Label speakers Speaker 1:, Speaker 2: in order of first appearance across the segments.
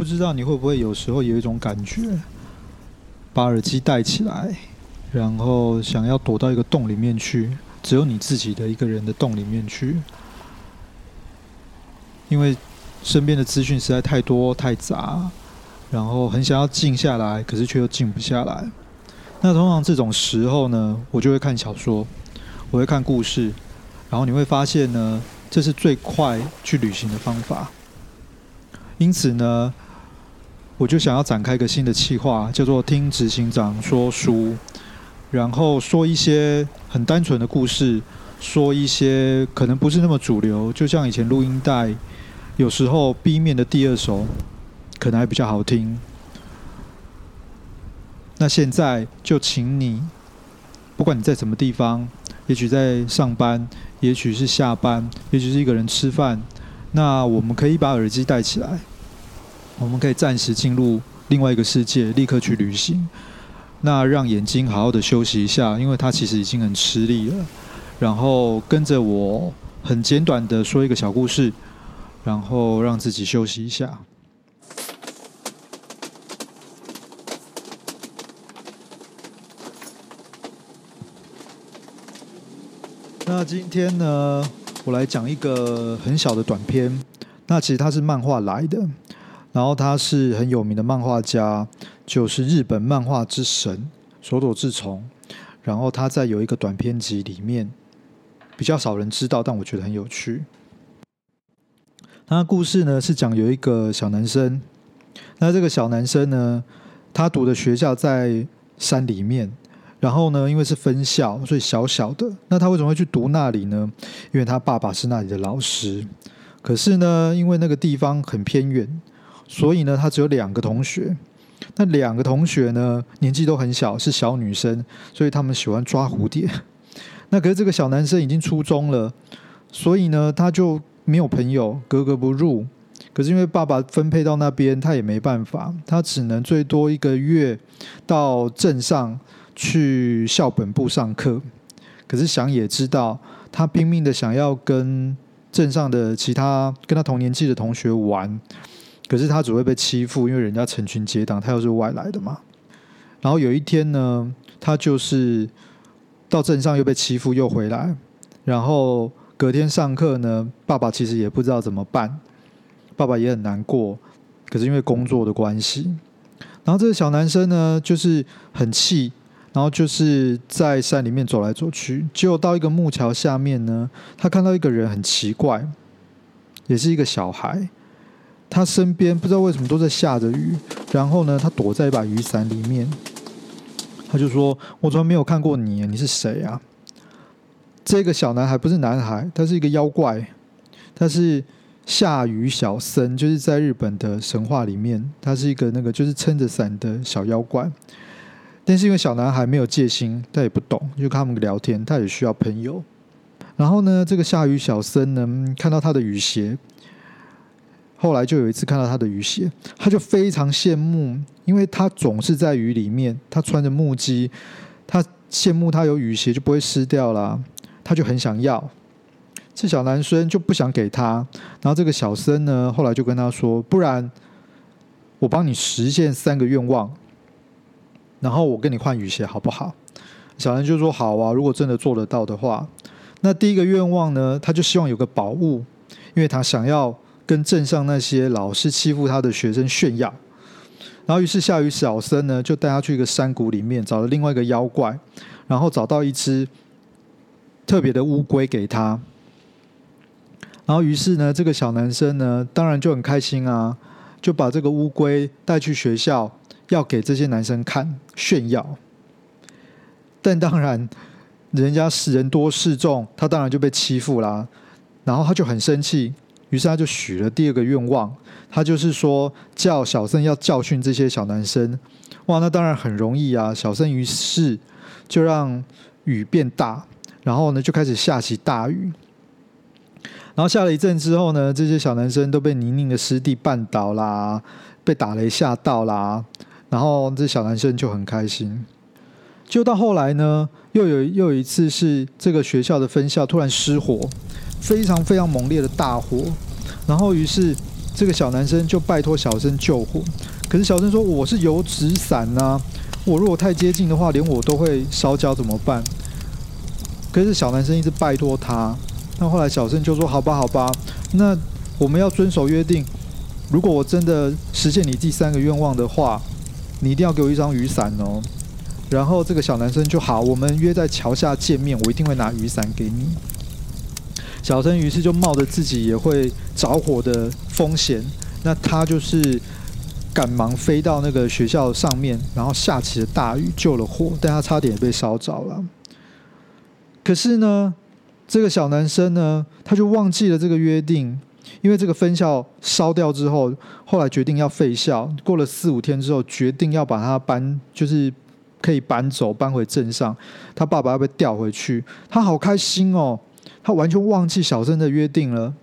Speaker 1: 不知道你會不會有時候有一種感覺，把耳機戴起來，然後想要躲到一個洞裡面去，只有你自己的一個人的洞裡面去，因為身邊的資訊實在太多太雜，然後很想要靜下來，可是卻又靜不下來。那通常這種時候呢，我就會看小說，我會看故事，然後你會發現呢，這是最快去旅行的方法。因此呢。我就想要展開一個新的企劃，叫做聽執行長說書，然後說一些很單純的故事，說一些可能不是那麼主流，就像以前錄音帶，有時候 B 面的第二首可能還比較好聽。那現在就請你，不管你在什麼地方，也許在上班，也許是下班，也許是一個人吃飯，那我們可以把耳機戴起來。我們可以暫時進入另外一個世界，立刻去旅行。那讓眼睛好好的休息一下，因為它其實已經很吃力了。然後跟着我很簡短的說一個小故事，然後讓自己休息一下。那今天呢，我來講一個很小的短篇。那其實它是漫畫來的。然後他是很有名的漫畫家，就是日本漫畫之神，手塚治蟲。然後他在有一個短篇集裡面，比較少人知道，但我覺得很有趣。那他故事呢，是講有一個小男生，那這個小男生呢，他讀的學校在山裡面。然後呢，因為是分校，所以小小的。那他為什麼會去讀那裡呢？因為他爸爸是那裡的老師。可是呢，因為那個地方很偏遠。所以呢，他只有兩個同學。那兩個同學呢，年紀都很小，是小女生，所以他們喜歡抓蝴蝶。那可是這個小男生已經初中了，所以呢，他就沒有朋友，格格不入。可是因為爸爸分配到那邊，他也沒辦法，他只能最多一個月到鎮上去校本部上課。可是想也知道，他拼命的想要跟鎮上的其他跟他同年紀的同學玩。可是他只會被欺負，因為人家成群結黨，他又是外來的嘛。然後有一天呢，他就是到鎮上又被欺負，又回來。然後隔天上課呢，爸爸其實也不知道怎麼辦，爸爸也很難過。可是因為工作的關係，然後這個小男生呢，就是很氣，然後就是在山裡面走來走去，結果到一個木橋下面呢，他看到一個人很奇怪，也是一個小孩。他身邊不知道為什麼都在下着雨，然後呢，他躲在一把雨傘裡面。他就說：“我從來沒有看過你，你是誰啊？”這個小男孩不是男孩，他是一個妖怪，他是下雨小僧，就是在日本的神話裡面，他是一個那個就是撐着傘的小妖怪。但是因為小男孩沒有戒心，他也不懂，就跟他們聊天，他也需要朋友。然後呢，這個下雨小僧呢，看到他的雨鞋。後來就有一次看到他的雨鞋，他就非常羨慕，因為他總是在雨裡面，他穿着木屐，他羨慕他有雨鞋就不會濕掉了，他就很想要。這小男生就不想給他，然後這個小僧呢，後來就跟他說：“不然我幫你實現三個願望，然後我跟你換雨鞋好不好？”小男生就說：“好啊，如果真的做得到的話。”那第一個願望呢，他就希望有個寶物，因為他想要。跟鎮上那些老是欺負他的學生炫耀，然後於是下雨小僧呢，就帶他去一個山谷裡面找了另外一個妖怪，然後找到一隻特別的烏龜給他，然後於是呢，這個小男生呢，當然就很開心啊，就把這個烏龜帶去學校要給這些男生看炫耀，但當然人家是人多勢眾，他當然就被欺負啦，然後他就很生氣。於是他就許了第二個願望，他就是說叫小僧要教訓這些小男生。哇，那當然很容易啊！小僧於是就讓雨變大，然後呢就開始下起大雨。然後下了一陣之後呢，這些小男生都被泥濘的濕地絆倒啦，被打雷嚇到啦，然後這小男生就很開心。就到後來呢，又有又有一次是這個學校的分校突然失火。非常非常猛烈的大火，然後於是這個小男生就拜托小僧救火，可是小僧說，我是油紙傘吶、啊，我如果太接近的話，連我都會燒焦，怎麼辦？可是小男生一直拜托他，那後來小僧就說：好吧，好吧，那我們要遵守約定，如果我真的實現你第三個願望的話，你一定要給我一張雨傘哦。然後這個小男生就好，我們約在橋下見面，我一定會拿雨傘給你。小僧於是就冒着自己也會着火的風險，那他就是趕忙飛到那個學校上面，然後下起了大雨救了火，但他差點也被燒着了。可是呢，這個小男生呢，他就忘記了這個約定，因為這個分校燒掉之後，後來決定要廢校。過了四五天之後，決定要把他搬，就是可以搬走，搬回鎮上。他爸爸要被調回去，他好開心哦。他完全忘記小僧的約定了，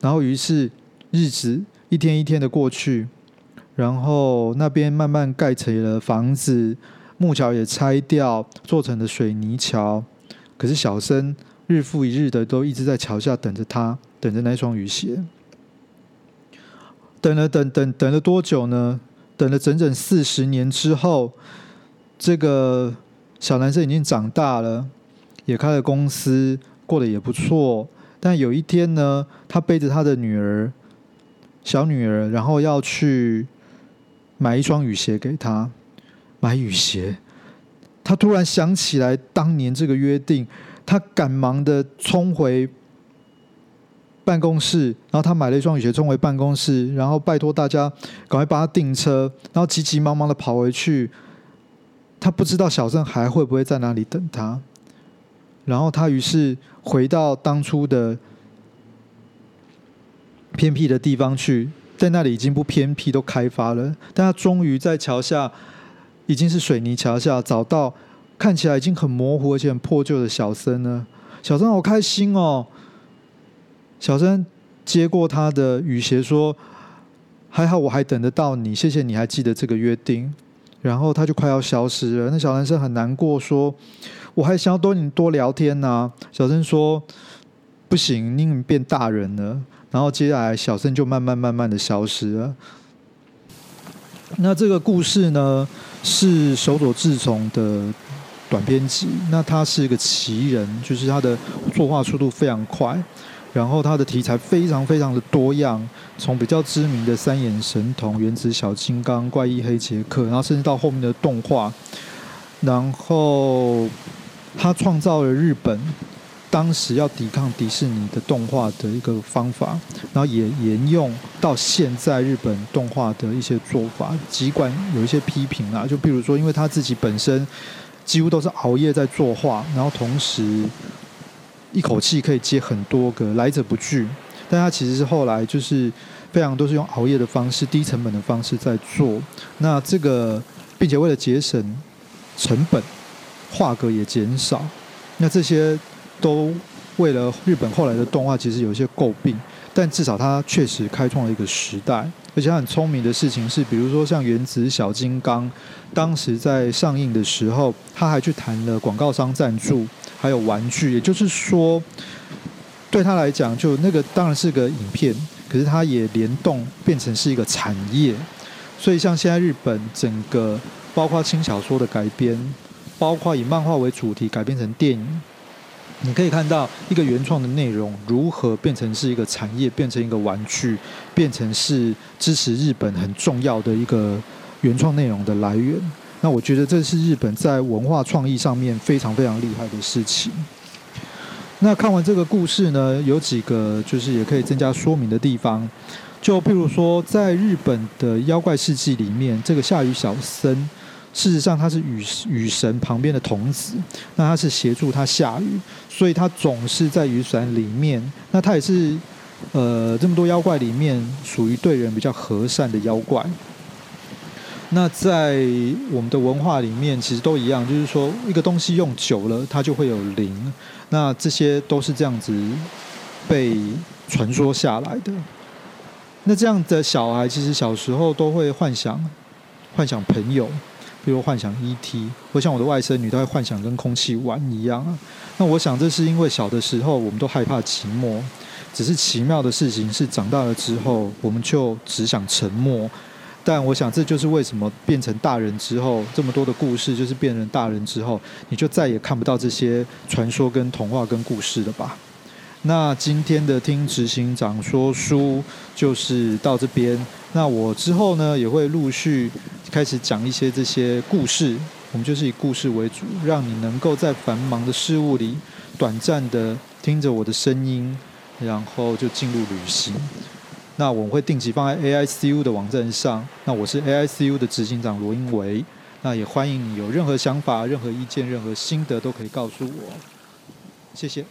Speaker 1: 然後於是日子一天一天的過去，然後那邊慢慢蓋起了房子，木橋也拆掉，做成了水泥橋。可是小僧日復一日的都一直在橋下等着他，等着那雙雨鞋。等了等等等了多久呢？等了整整四十年之後，這個小男生已經長大了。也開了公司，過得也不錯。但有一天呢，他背着他的女兒，小女兒，然後要去買一雙雨鞋給他。買雨鞋。他突然想起來當年這個約定，他趕忙的衝回辦公室，然後他買了一雙雨鞋，衝回辦公室，然後拜托大家趕快幫他訂車，然後急急忙忙的跑回去。他不知道小僧還會不會在那裡等他。然後他於是回到當初的偏僻的地方去，在那裡已經不偏僻，都開發了。但他終於在橋下，已經是水泥橋下，找到看起來已經很模糊而且很破舊的小僧了。小僧好開心哦！小僧接過他的雨鞋，說：“還好我還等得到你，謝謝你還記得這個約定。”然後他就快要消失了。那小男生很難過，說。我還想要多你多聊天呢、啊，小僧說，不行，你已經變大人了。然後接下來，小僧就慢慢慢慢的消失了。那這個故事呢，是手冢治蟲的短篇集。那他是一個奇人，就是他的作畫速度非常快，然後他的題材非常非常的多樣，從比較知名的三眼神童、原子小金剛、怪醫黑傑克，然後甚至到後面的動畫，然後。他創造了日本當時要抵抗迪士尼的動畫的一個方法，然後也沿用到現在日本動畫的一些做法。儘管有一些批評啊，就比如說，因為他自己本身幾乎都是熬夜在作畫，然後同時一口氣可以接很多個，來者不拒。但他其實是後來就是非常都是用熬夜的方式、低成本的方式在做。那這個，並且為了節省成本。畫格也減少，那這些都為了日本後來的動畫，其實有一些詬病，但至少它確實開創了一個時代。而且他很聰明的事情是，比如說像《原子小金剛》，當時在上映的時候，他還去談了廣告商贊助，還有玩具。也就是說，對他來講，就那個當然是個影片，可是它也聯動變成是一個產業。所以像現在日本整個包括輕小說的改編。包括以漫畫為主題改編成電影，你可以看到一個原創的內容如何變成是一個產業，變成一個玩具，變成是支持日本很重要的一個原創內容的來源。那我覺得這是日本在文化創意上面非常非常厲害的事情。那看完這個故事呢，有幾個就是也可以增加說明的地方，就譬如說在日本的妖怪世紀裡面，這個下雨小僧。事實上，他是雨雨神旁邊的童子，那他是協助他下雨，所以他總是在雨傘裡面。那他也是，呃，這麼多妖怪裡面屬於對人比較和善的妖怪。那在我們的文化裡面，其實都一樣，就是說一個東西用久了，它就會有靈。那這些都是這樣子被傳說下來的。那這樣的小孩，其實小時候都會幻想，幻想朋友。就如幻想 ET，我想我的外甥女，都會幻想跟空氣玩一樣啊。那我想，這是因為小的時候我們都害怕寂寞，只是奇妙的事情是，長大了之後我們就只想沉默。但我想，這就是為什麼變成大人之後，這麼多的故事，就是變成大人之後，你就再也看不到這些傳說、跟童話、跟故事了吧。那今天的聽執行長說書就是到這邊。那我之後呢，也會陸續開始講一些這些故事，我們就是以故事為主，讓你能夠在繁忙的事物裡短暫的聽着我的聲音，然後就進入旅行。那我會定期放在 AICU 的網站上。那我是 AICU 的執行長羅英維。那也歡迎你有任何想法、任何意見、任何心得都可以告訴我。謝謝。